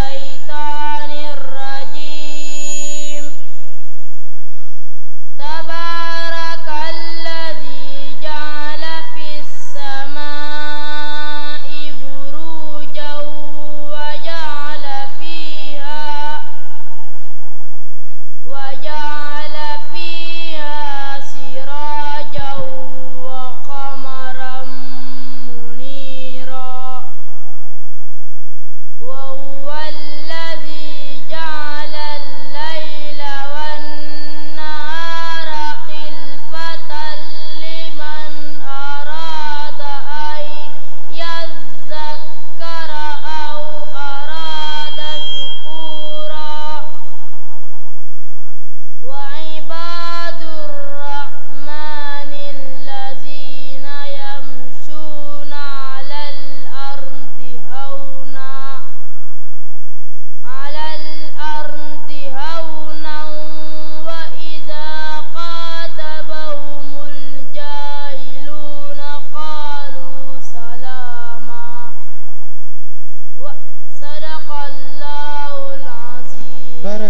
đời ta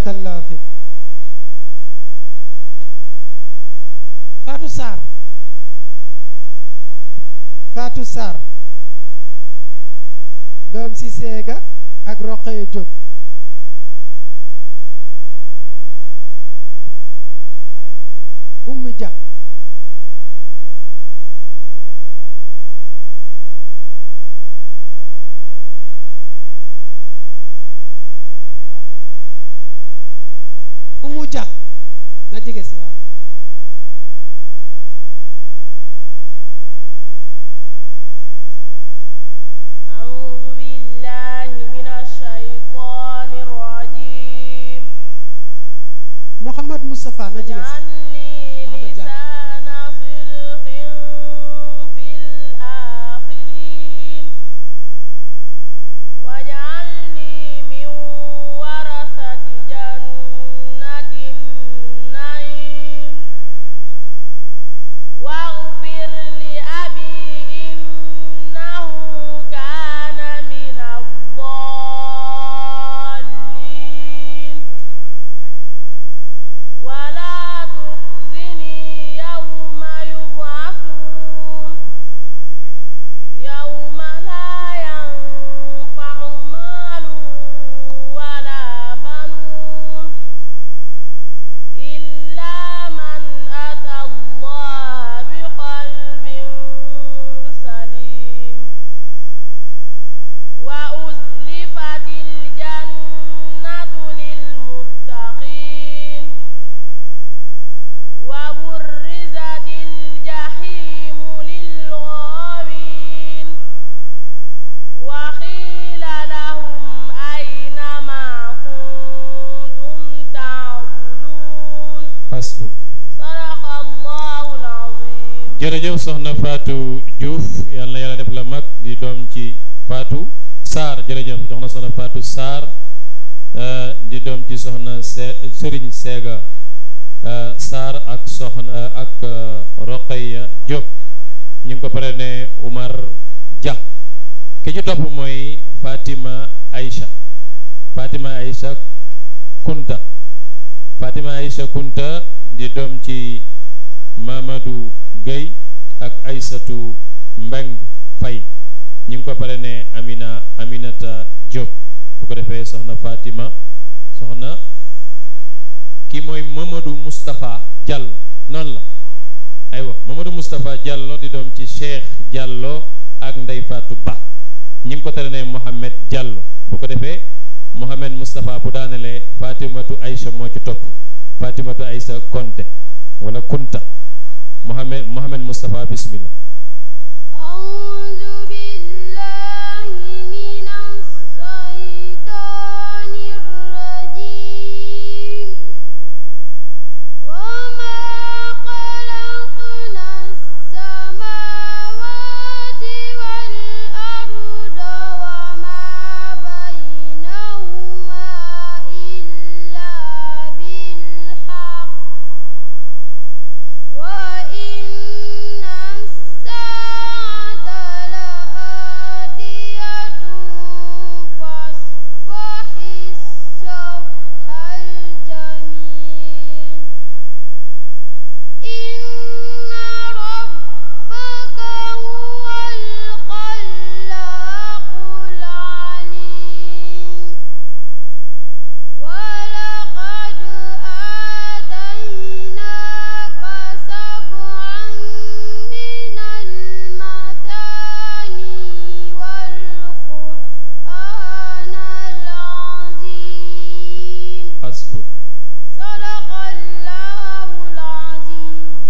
بارك الله فيك فاتو سار فاتو سار doom si seega ak roqee jóg ummi ja Kouthia na jege si waaw Mouhamad Moustapha na jege si jerejeuf soxna Fatou Diouf yalla yalla def la mak di domci ci Fatou sar jerejeuf jox soxna Fatou euh di domci ci soxna Serigne Sega eh, sar ak soxna ak eh, Roqeya Diop ñu ko parene oumar Dia ki ci top moy Fatima Aisyah Fatima Aisyah Kunta Fatima Aisyah Kunta di domci ci. Mamadou Guèye ak Aysatu Mbeng Fay ñu ngi ko ne Amina Aminata Diop bu ko defee soxna Fatima soxna ki mooy Mamadou Moustapha jàll noonu la aywa Mamadou Moustapha Diallo di doom ci Cheikh jàlloo ak Ndey Fatou Ba ñu ngi ko parrainé Mohamed Diallo bu ko defee Mohamed Moustapha bu daanelee Fatimatu Aïcha moo ci topp Fatimatu sa Konte wala Kunta Mohamed Mohamed Moustapha bismillah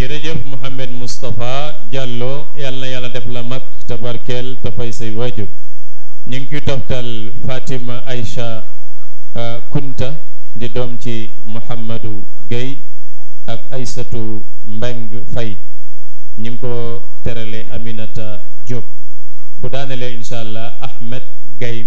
jërëjëf Mouhamed Moustapha Diallo yàlla yàlla def la mag te barkeel te fay say waajur ñu ngi ciy toftal Fatima Aïcha euh, Kunta di doom ci Mouhamadou Guèye ak Aïssatou Mbeng Fay ñu ngi ko terale Aminata Diop bu daanelee incha allah Ahmed Gaye